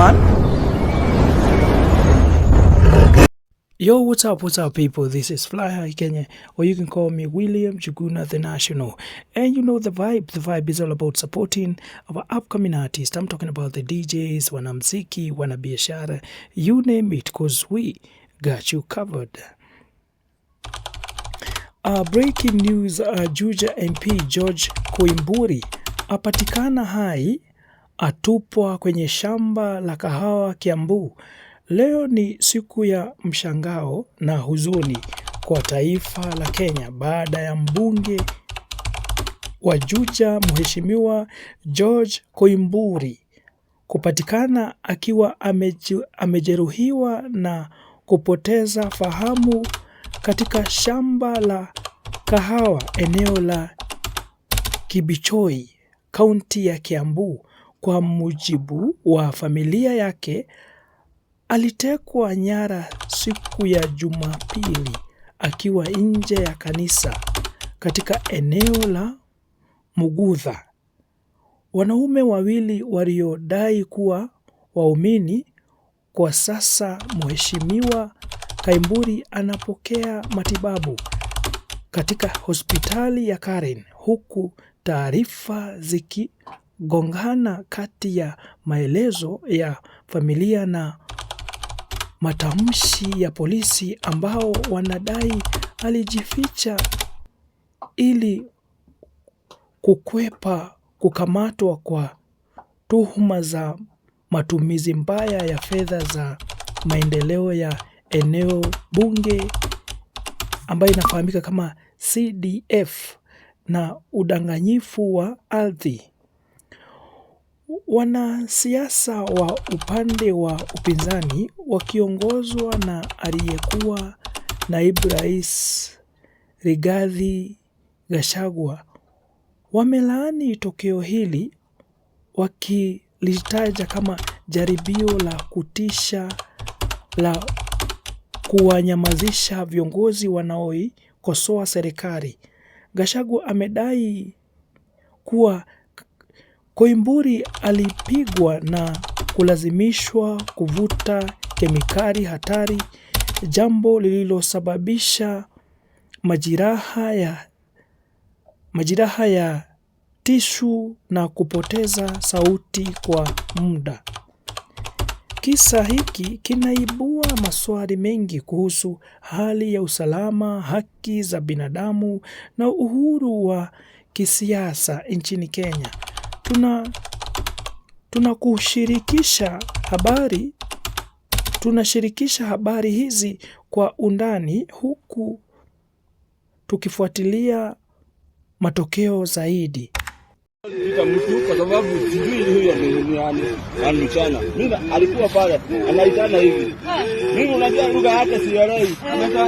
man. Yo, what's up, what's up, people? This is Fly High Kenya, or you can call me William Chuguna the National. And you know the vibe. The vibe is all about supporting our upcoming artists. I'm talking about the DJs, wanamziki, wanabiashara, you name it, because we got you covered. Uh, breaking news, uh, Juja MP George Koimburi apatikana high atupwa kwenye shamba la kahawa Kiambu. Leo ni siku ya mshangao na huzuni kwa taifa la Kenya baada ya mbunge wa Juja Mheshimiwa George Koimburi kupatikana akiwa amejeruhiwa na kupoteza fahamu katika shamba la kahawa eneo la Kibichoi, kaunti ya Kiambu kwa mujibu wa familia yake, alitekwa nyara siku ya Jumapili akiwa nje ya kanisa katika eneo la Mugudha. Wanaume wawili waliodai kuwa waumini. Kwa sasa Mheshimiwa Kaimburi anapokea matibabu katika hospitali ya Karen huku taarifa ziki kugongana kati ya maelezo ya familia na matamshi ya polisi ambao wanadai alijificha ili kukwepa kukamatwa kwa tuhuma za matumizi mbaya ya fedha za maendeleo ya eneo bunge ambayo inafahamika kama CDF na udanganyifu wa ardhi. Wanasiasa wa upande wa upinzani wakiongozwa na aliyekuwa naibu rais Rigathi Gachagua wamelaani tokeo hili wakilitaja kama jaribio la kutisha la kuwanyamazisha viongozi wanaoikosoa serikali. Gachagua amedai kuwa Koimburi alipigwa na kulazimishwa kuvuta kemikali hatari, jambo lililosababisha majeraha ya tishu na kupoteza sauti kwa muda. Kisa hiki kinaibua maswali mengi kuhusu hali ya usalama, haki za binadamu na uhuru wa kisiasa nchini Kenya tuna tunakushirikisha habari tunashirikisha habari hizi kwa undani huku tukifuatilia matokeo zaidi mtu kwa sababu sijui huyo alikuwa pale anaitana hivi mimi unajua lugha